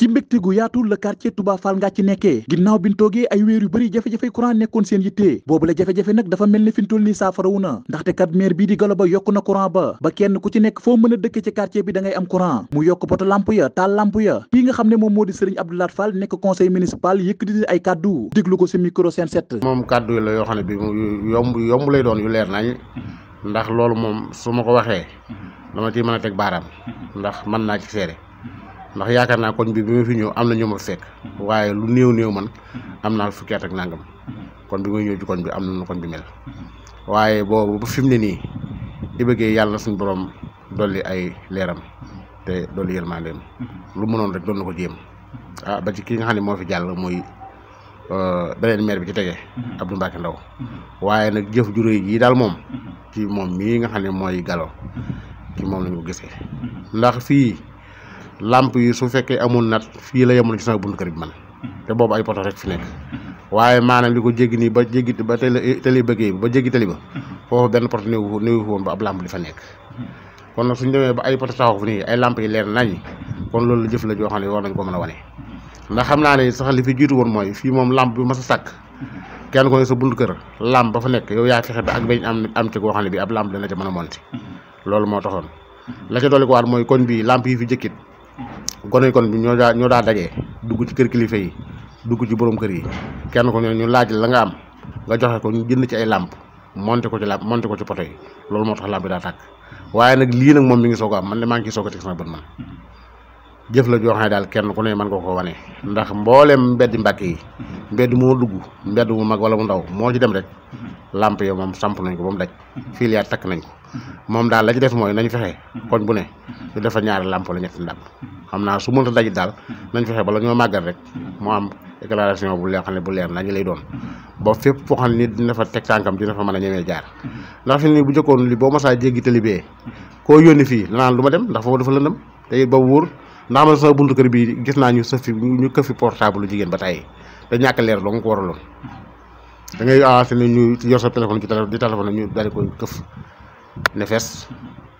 ci mbekté gu yaatu le quartier Touba Fall nga ci nekké ginnaw biñ togué ay wër yu bari jafé jafé courant nekkon seen yitte bobu la jafé jafé nak dafa melni fiñ tolni kat maire bi di ba na courant ba ba kenn ku ci nekk fo mëna dëkk ci quartier bi da ngay am courant mu yok pot lamp ya ta lamp ya kii nga xamné ne modi Serigne Fall nekk conseil municipal di ay cadeau diglu ko ci micro seen set moom kàddu la yo xamné bi yomb yomb lay doon yu leer nañ ndax loolu mom suma ko waxé dama ci mëna tek baram ndax man na ci féré ndax yaakaar naa koñ bi bi ma fi ñëw am na ñu ma fekk waaye lu néew néew man am naa fukki at ak nangam kon bi may ñëw ci koñ bi am na nu koñ bi mel waaye boobu ba fi mu ne nii di bëggee yàlla suñu borom dolli ay leeram te dolli yërmandeem lu mënoon rek doon na ko jéem ah ba ci ki nga xam ne moo fi jàll mooy euh, beneen meer bi ci tege Abdou Mbacke Ndaw waaye nag jëf ju réy daal moom ci moom mii nga xam ne mooy Gallo ci moom lañu ko gisee ndax fii làmp yi su fekkee amul nat fii la yemoon ci sama buntu kër bi man te boobu ay poto rek fi nekk waaye maanaam li ko jéggi nii ba jéggi ba tali tali bëggee ba jéggi tali ba foofu benn poto néew néew woon ba ab làmp di fa nekk kon nag suñ demee ba ay poto taxaw fi nii ay làmp yi leer nañ kon loolu la jëf la joo xam ne war nañ ko mën a wane ndax xam naa ne sax li fi jiitu mooy fii moom làmp bi mas a sàkk kenn ko ne sa buntu kër làmp ba fa nekk yow yaa fexe ba ak bañ am am ci goo xam ne bi ab làmp dana ca mën a monti loolu moo taxoon la ca dolli mooy kon bii làmp yi fi jëkkit gone kon bi ñoo daa ñoo daa dajee dugg ci kër kilifa yi dugg ci borom kër yi kenn ko ñoo ñu laaj la nga am nga joxe ko ñu jënd ci ay làmp monté ko ci làmp monté ko ci poto loolu moo tax làmp yi daa tàkk waaye nag lii nag moom mi ngi soog am man de maa ngi ciy soog a teg sama bët jëf la joo xam daal kenn ku ne mën nga ko wanee ndax mbooleem mbedd mbàkk yi mbedd moo dugg mbedd mu mag wala mu ndaw moo ci dem rek mm-hmm. làmp yi moom samp nañ ko ba mu daj mm-hmm. fii liyaat takk nañ ko moom daal la ci def mooy nañu fexe koñ bu ne ñu defal ñaari làmp la ñetti ndàmp xam naa su mënta daj daal nañ fexe bala ñoo màggal rek moo am déclaration bu leer ne bu leer naa ñu lay doon ba fépp foo xam ne dina fa teg tànkam dina fa mën a ñemee jaar ndax fi ni bu jëkkoon li boo masaa jéggi tali bee koo yónni fii danaan lu ma dem ndax foofu dafa lëndëm te it ba wóor ndax man sama buntu kër bii gis naa ñu sëfi ñu këfi portable jigéen ba te ñàkk leer doo nga ko da ngay avancé ne ñu yor sa téléphone ci di téléphone ñu dali koy këf ne fees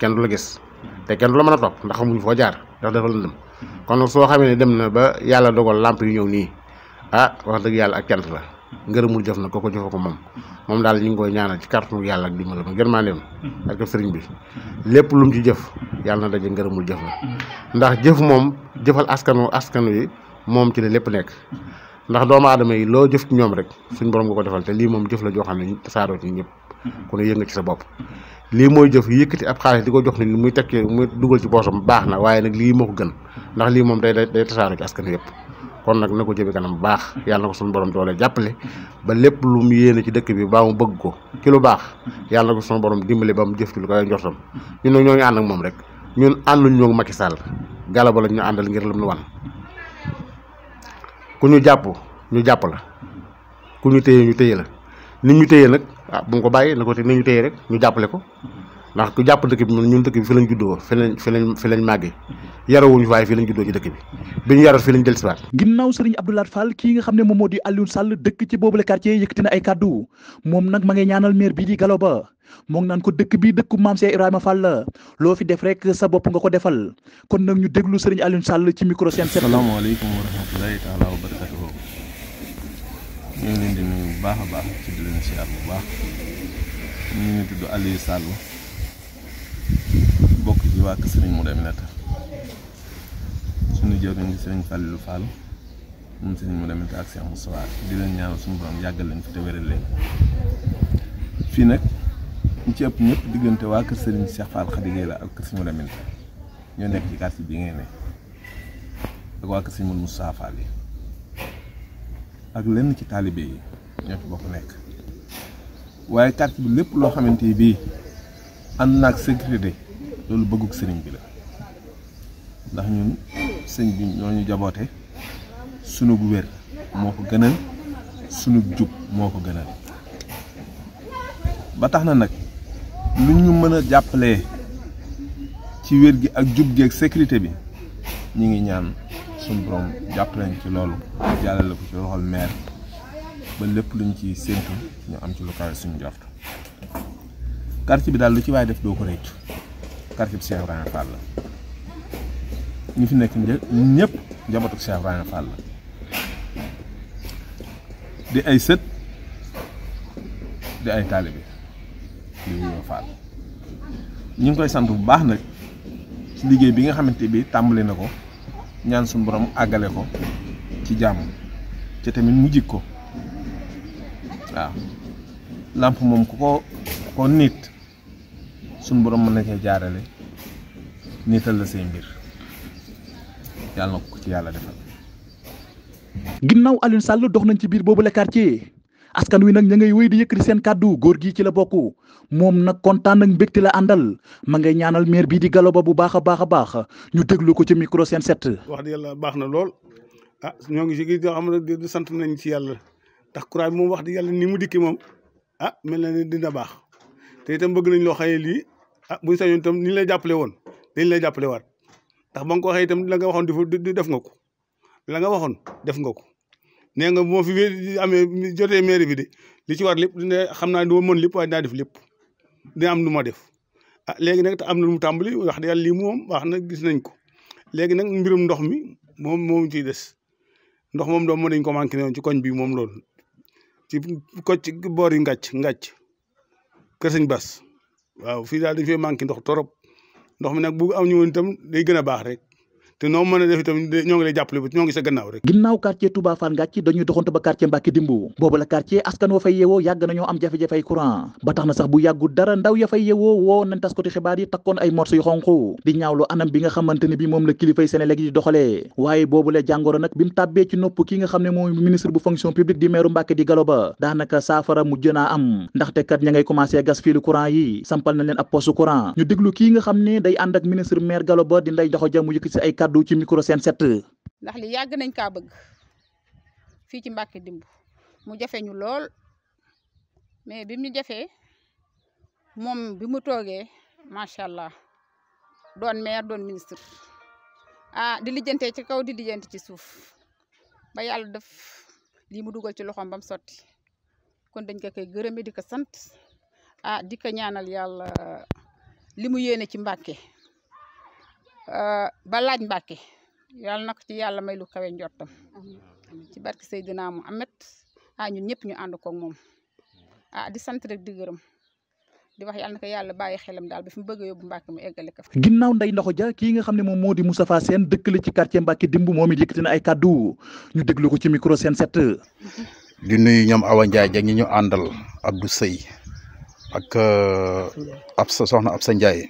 kenn du la gis te kenn du la mën a topp ndax xamuñu foo jaar ndax na lëndëm kon soo xamee ne dem na ba yàlla dogal làmp yu ñëw nii ah wax dëgg yàlla ak cant la ngërëmul jëf na ko ko jëfa ko moom moom daal ñu ngi koy ñaanal ci kàttanu yàlla ak dimbalam gën maa dem ak sëriñ bi lépp lu mu ci jëf yàlla na daje ngërëmul jëf la ndax jëf moom jëfal askanu askanu yi moom ci la lépp nekk ndax doomu aadama yi loo jëf ñoom rek suñ borom nga ko defal te lii moom jëf la joo xam ne saaroo ci ñëpp Mm-hmm. ku ne yënga ci sa bopp mm-hmm. lii mooy jëf yëkkati ab xaalis di ko jox ni muy tekki muy dugal ci boosam baax na waaye nag lii moo ko gën ndax lii moom day day tasaaroo ci askan yëpp kon nag na ko kanam baax yàlla na ko suñu borom doole jàppale mm-hmm. ba lépp lu mu yéene ci dëkk bi ba mu bëgg ko ci lu baax yàlla na ko suñu borom dimbali ba mu jëf ci lu koy njortam ñun nag ñoo ngi ànd ak moom rek ñun ànduñ ñoo Macky Sall galaba la ñu àndal ngir lu mu wan ku ñu jàpp ñu jàpp la ku ñu téye ñu téye la ni ñu téye nag ah bu ko bàyyi na ko te nañu téye rek ñu jàppale ko ndax ku jàpp dëkk bi ñun dëkk bi fi lañ juddoo fi lañ fi lañ fi lañ màggee yarawuñu waaye juddoo ci dëkk bi bi ñu yaroo fii lañ jël siwaat ginnaaw sëriñ Abdou Lahad kii nga xam ne moom moo di Alioune Sall dëkk ci boobule quartier yëkkati na ay kàddu moom nag ma ngay ñaanal maire bi di Gallo Ba moo ngi naan ko dëkk bi dëkku maam Cheikh Ibrahima Fall la loo fi def rek sa bopp nga ko defal kon nag ñu déglu sëriñ Alioune Sall ci micro seen set salaamaaleykum wa rahmatullahi taala wa barakatuh ñu ngi leen di nuyu bu baax a baax ci di leen siyaar bu baax ñu ngi tudd Aliou Sall bokk ci waa kër Serigne Modou Aminata suñu jëwriñ ngi Serigne Fallou Fall moom Serigne Modou Aminata ak Cheikh Moustapha di leen ñaanal suñu borom yàggal leen te wéral fii nag ñu ci ëpp ñëpp diggante waa kër Serigne Cheikh Fall Khady Gueye ak kër Serigne Modou Aminata ñoo nekk ci quartier bi ngay ne ak waa mu Serigne Modou Moustapha Fall yi ak lenn ci talibé yi ñet ci bokk nekk waaye quartier bi lo loo bi bii na ak sécurité lolu bëgguk sëriñ bi la ndax ñun sëriñ bi ñoo ñu jaboote sunug wér moo ko gënal suñu juk moko ko gënal ba taxna nak lu ñu ci wër gi ak juk gi ak sécurité bi ñi ngi ñaan suñu borom jàpp nañ ci loolu jàllale ko ci loxol maire ba lépp luñ ci séntu ñu am ci lu kawe suñu jort quartier bi daal lu ci waaye def doo ko réccu quartier bi Cheikh Ibrahima Fall la ñu fi nekk ñëpp njabootu Cheikh Ibrahima Fall la di ay sët di ay taalibe di wuyoo Fall ñu ngi koy sant bu baax nag ci liggéey bi nga xamante bi tàmbali na ko ñaan suñ boroom àggale ko ci jàmm ci tamit mu jig ko waaw làmp moom ku ko ko nit suñu boroom mën na cee jaarale niital la say mbir yàlla na ko ci yàlla defal. ginnaaw Alioune Sall dox nañ ci biir boobu la quartier askan wi nak ñay wëy di yëkëti seen kaddu góor gi ci la bokku mom nak kontaan nak mbégte la andal ma ngay ñaanal maire bi di bu baaxa baaxa baax ñu déglu ko ci micro seen set wax di yalla baax na lool ah ñoo ngi ci gi yoo na di sant nañ ci yalla tax mom wax di yalla ni mu dikki mom ah mel na dina baax té itam bëgg nañ lo xaye li ah buñu sañu tam ni lay jappalé won dañ lay jappalé war tax ba nga ko waxee tam la nga def nga ko la nga waxon def nga ko nee nga moo fi amee jotee mairie bi de li ci war lépp dina xam naa du ma mën lépp waaye naa def lépp dina am lu ma def a ah, léegi nag te am na lu mu tàmbali wax dëgg yàlla lii moom baax na gis nañ ko léegi nag mbirum ndox mi moom moom ciy des ndox moom doom moo dañ ko manqué noonu ci koñ bii moom loolu ci kocc boor yi ngàcc ngàcc kër bas waaw fii daal dañ fee manqué ndox torop ndox mi nag bu am ñu woon itam day gën a baax rek te noo mën a def itam ñoo ngi lay jàppale ba ñoo ngi sa gannaaw rek ginnaaw quartier Touba Fall Ngathie dañuy doxantu ba quartier Mbacké Dimbu boobu la quartier askan wa fay yeewoo yàgg nañoo am jafe-jafey courant ba tax na sax bu yàggu dara ndaw ya fay yeewoo woo nañ taskati xibaar yi takkoon ay morso yu di ñaawlu anam bi nga xamante bi moom la kilifay Senelec yi doxalee waaye boobu la jàngoro nag bi mu tàbbee ci nopp ki nga xam kàddu ci micro seen set ndax li yàgg nañ kaa bëgg fii ci Mbàkke dimb mu jafe ñu lool mais bi mu jafe moom bi mu toogee macha allah doon maire doon ministre ah di lijjantee ci kaw di lijjanti ci suuf ba yàlla def lii mu dugal ci loxoom ba mu sotti kon dañ ko koy gërëme di ko sant ah di ko ñaanal yàlla li mu yene ci Mbàkke ba laaj Mbàkke yàlla na ci yàlla may lu kawe njottam ci barke Seydina Muhammad ah añu ñëpp ñu ànd koog moom ah di sant rek di gërëm di wax yàlla na ko yàlla bàyyi xelam daal ba fi mu bëgg a yóbbu Mbàkke mu eggale ko ginnaaw Ndeye Ndokho ki kii nga xam ne mom moo di Moustapha Sène dëkk la ci quartier Mbàkke dimb moom it yëkkati na ay kàddu ñu déglu ko ci micro seen 7 di nuyu ñoom Awa Ndiaye ja ñi ñu àndal Abdou sey ak euh, ab sa soxna ab sa Ndiaye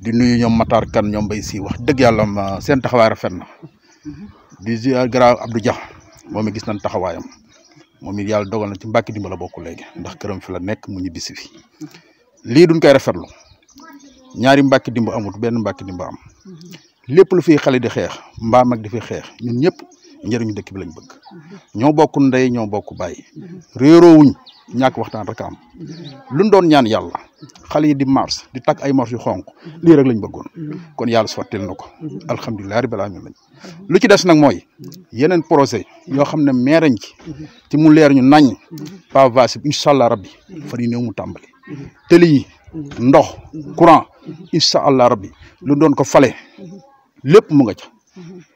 di nuyu ñoom Matar Kan ñoom bay si wax dëgg yàlla seen taxawaay rafet na di ziar garaaw Abdou Dia moom it gis nañ taxawaayam moom it yàlla dogal na ci mbàkki dimba la bokk léegi ndax këram fi la nekk mu ñibbisi fi lii duñ koy rafetlu ñaari mbàkki dimb amut benn mbàkki dimba am lépp lu fi xale di xeex mbaa mag di fi xeex ñun ñëpp. njëriñu dëkk bi lañ bëgg mhm. ñoo bokku ndey ñoo bokk bàyyi mhm. réeroowuñ ñàkk waxtaan rek am mhm. luñ doon ñaan yàlla xale yi di mars di takk ay mars yu xonq lii rek lañ bëggoon kon yàlla sottil na ko alhamdulilah rabbil alamin lañ lu ci des nag mooy yeneen projet yoo xam ne meerañ ci ci mu leer ñu nañ pavage bi incha allah rabbi fan yi néew mu tàmbali tëli ndox courant incha allah rabbi lu doon ko fale lépp mu nga ca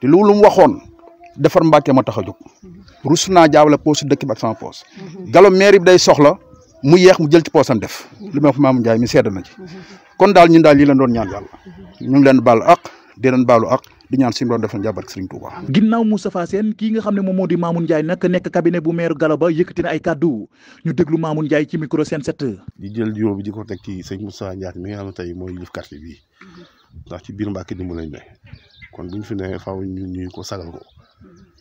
te loolu mu waxoon defar Mbàkke ma tax a jóg mhm. rus naa jaawale poos dëkk bi ak sama poos mhm. galo maire bi day soxla mu yeex mu jël ci poosam def mhm. lu ma wax Maam Njaay mi sedd na ci kon daal ñun daal lii doon ñaan yàlla ñu ngi leen baal ak di leen baalu ak di ñaan suñu doon defal njàmbar Serigne Touba. ginnaaw Moustapha Sène kii nga xam ne moom moo di Mamoune Ndiaye nag nekk cabinet bu maire Gallo Ba yëkkati na ay kàddu ñu déglu Mamoune Ndiaye ci micro Sen 7. jël juróom bi ko teg ci sëñ Moustapha Ndiaye m nga biir Mbàkke ni mu lañ kon bu ñu fi nee faaw ñu ko sagal ko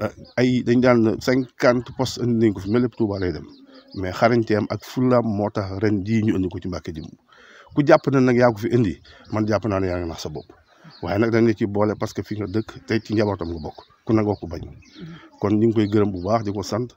Eh, ay dañ daan ne cinquante postes indi nañ ko me mel lépp Touba lay dem mais xarañteem ak fulaam moo tax ren jii ñu indi ko ci Mbàkke ji ku jàpp na nag yaa ko fi indi man jàpp naa ne yaa ngi nax sa bopp waaye nag dañ la ci boole parce que fi nga dëkk tey ci njabootam nga bokk ku nangoo ko bañ mm-hmm. kon ñu ngi koy gërëm bu baax di ko sant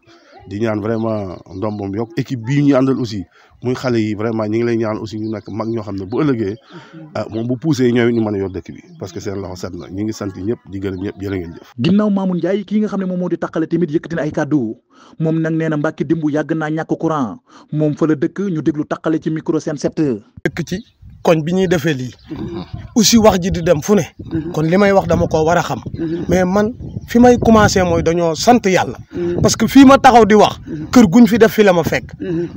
di ñaan vraiment ndombam yokk équipe bii ñu àndal aussi muy xale yi vraiment ñi ngi lay ñaan aussi ñu nekk mag ñoo xam ne bu ëllëgee mhm. ah moom bu poussé ñooy ñu mën yor dëkk bi parce que seen loxo set na ñi ngi sant ñëpp di gërëm ñëpp jërë ngeen jëf ginnaaw Mamoune Ndiaye kii nga xam ne moom moo di taqale tamit yëkkati na ay kàddu moom nag nee na dimbu yàgg naa ñàkk courant moom fa a dëkk ñu déglu taqale ci micro seen set dëkk ci koñ bi ñuy defee lii mhm. aussi wax ji di dem fu ne mhm. kon li may wax dama ko war a xam mhm. mais man fi may commencé mooy dañoo sant yàlla parce que fii ma taxaw di wax kër guñ fi def fii la ma fekk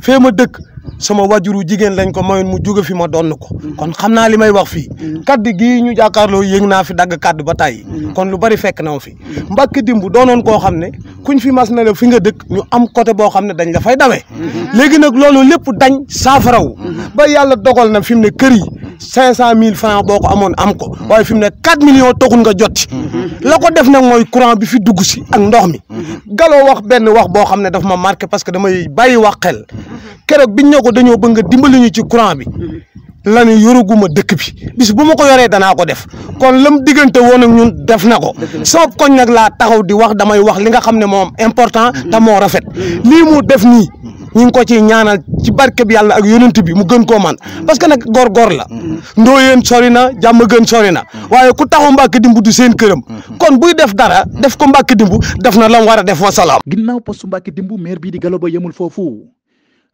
fee ma dëkk sama wajuru jigéen lañ ko mayoon mu jóge fi ma donn ko mm. kon xam naa li may wax fii mm. kaddu gii ñu jàkkaarloo yëng naa fi dagg kaddu ba tàyyi mm. kon lu bari fekk na ma fi Mbacke Dimbu doonoon koo xam ne kuñ fi mas na la fi nga dëkk ñu am côté boo xam ne dañ la fay dawee mm-hmm. léegi nag loolu lépp dañ saafaraw mm-hmm. ba yàlla dogal na fi mu ne kër yi cinq cent mille franc boo ko amoon am ko waaye fi mu ne quatre millions taxul nga jot la ko def nag mooy courant bi fi dugg si ak ndox mi galoo wax benn wax boo xam ne daf ma marqué parce que damay bàyyi wax xel keroog biñ ne ko dañoo bëgg nga dimbali ñu ci courant bi la ne dëkk bi bis bu ma ko yoree danaa ko def kon lam diggante woon ak ñun def na ko sama koñ nag laa taxaw di wax damay wax li nga xam ne moom important te moo rafet lii mu def nii ñi ngi ko ci ñaanal ci barke bi yalla ak yoonent bi mu gën ko man parce que nak gor gor la mm-hmm. ndooyeen sori na gën sorina mm-hmm. waye ku taxu mbak dimbu du seen kërëm mm-hmm. kon buy def dara def ko mbak dimbu def na lam wara def wa salaam ginnaaw postu mbak dimbu maire bi di galo ba yemul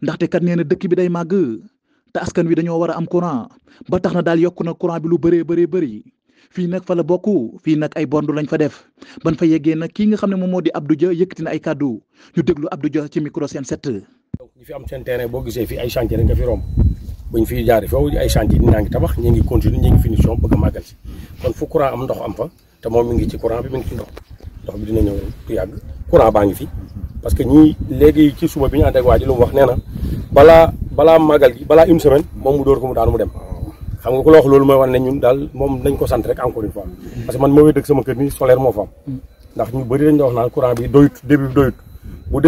ndax te kat neena na bi day mag ta askan wi dañoo wara am courant ba taxna na yok na courant bi lu bëree bëree bëri fi nak fa la bokku fi nak ay bondu lañ fa def ban fa yeggee nak ki nga mom modi Abdou Dia yëkkati na ay cadeau ñu déglu Abdou Dia ci micro sen 7 fi am seen terrain boo gisee fii ay chantier rek nga ngi tabax ñi ngi continuer ñi ngi finition bëgg a màggal si kon fu courant am ndox am fa te moom mi ci courant bi mi ngi ci ci suba bi ñu ànd ak lu mu wax nee na balaa balaa màggal gi balaa une semaine moom mu dóor ko mu daanu mu dem xam nga ku la wax loolu mooy wan ne ñun daal moom nañ ko sant rek encore une fois parce que man moo wéy dëkk sama kër ni solaire moo fa ndax ñu bëri dañ wax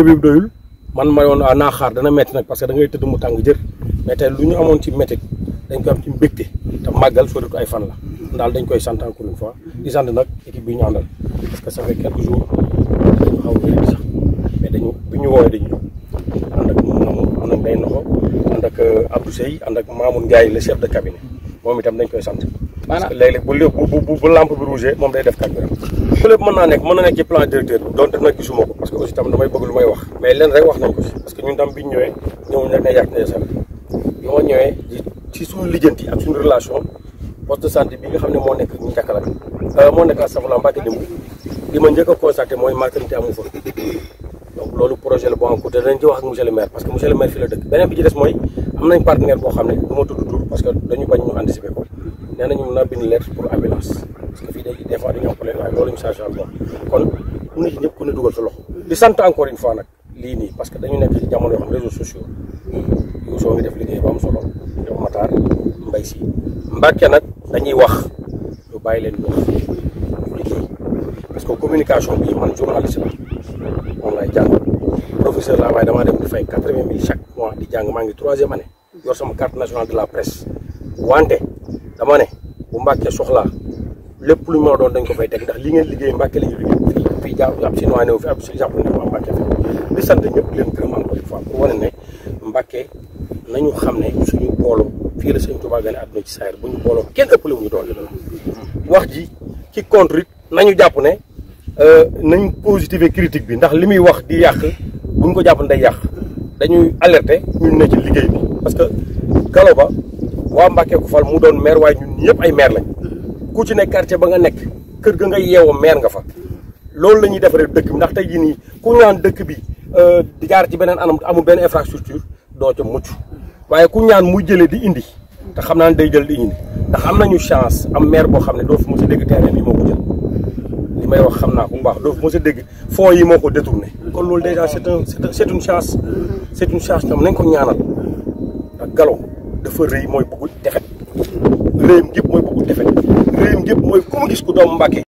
man mayoon naa xaar dana metti nag parce que da ngay tëdd mu tàng jër mais tey lu ñu amoon ci métti dañ koy am ci mbégte te màggal soritu ay fan la ndaal dañ koy sant encore fois di sant nag équipe bi ñu àndal parce que a mais dañu bi ñu woowee dañu ñëw ànd ak moom na ànd ak day noxo ànd ak euh, Abdou Seye ànd ak Mamoun Ndiaye le chef de cabinet moom itam dañ koy sant parce que léeg-léeg bu lépp bu bu moom day def kàddu loolu yëpp naa nekk mën na nekk ci plan directeur bi donte nag gisuma xam ne moo nekk ñu Cakala euh, moo nekk astafurlah Mbacke Dimb li projet la boo xam côté dañ wax ak monsieur parce que monsieur fii la dëkk beneen bi ci des mooy am nañ partenaire boo xam ne du ma tudd tur parce que dañu bañ ñu anticiper ko nee nañu mën a bind lettre pour ambulance léegi des fois dañoo problème waaye loolu kon ku ñëpp ku ne dugal sa loxo di sant encore une fois nag lii nii parce que dañu nekk ci jamono yoo xam réseaux sociaux yow soo ngi def liggéey am solo yow Matar Mbaye si Mbàkke nag dañuy wax ñu bàyyi leen wax liggéey parce que communication bi man journaliste la moom laay jàng professeur laa waaye damaa dem di fay mille chaque mois di jàng maa ngi troisième année yor sama carte nationale de la presse wante dama ne bu Mbàkke soxlaa lépp lu ñu doon dañ ko fay teg ndax li ngeen liggéey Mbàkke la ñu liggéey fii jaaw ab chinois néew fi ab jàpp ne waa Mbàkke fi di sant ñëpp leen gërëm encore une ne Mbàkke nañu xam ne suñu booloo fii la sëñ Tuubaa gane àdduna ci saayir bu ñu booloo kenn ëppale wu ñu doole wax ji ci contre nañu jàpp ne euh, nañ positiver critique bi ndax li muy wax di yàq buñ ko jàpp ne day yàq dañuy alerte ñun ne ci liggéey bi parce que Galo Ba waa Mbàkke ko fal mu doon meer waaye ñun ñëpp ay meer lañ ku ci nekk quartier ba nga nekk kër ga nga yeewoo meer nga fa loolu la ñuy defaree dëkk bi ndax tey jii nii ku ñaan dëkk bi euh, di jaar ci beneen anam amul benn infrastructure doo ca mucc waaye ku ñaan mu jëlee di indi te xam naa ne day jël di indi ndax am nañu chance am maire boo xam ne doo fi ma a dégg terrain bi moo ko jël li may wax xam naa ko bu baax doo fi mos a dégg fonds yi moo ko ne kon loolu déjà c'est un c'est une chance c'est une chance ñoom nañ ko ñaanal ak Gallo dafa mooy mooy ku mu gis ku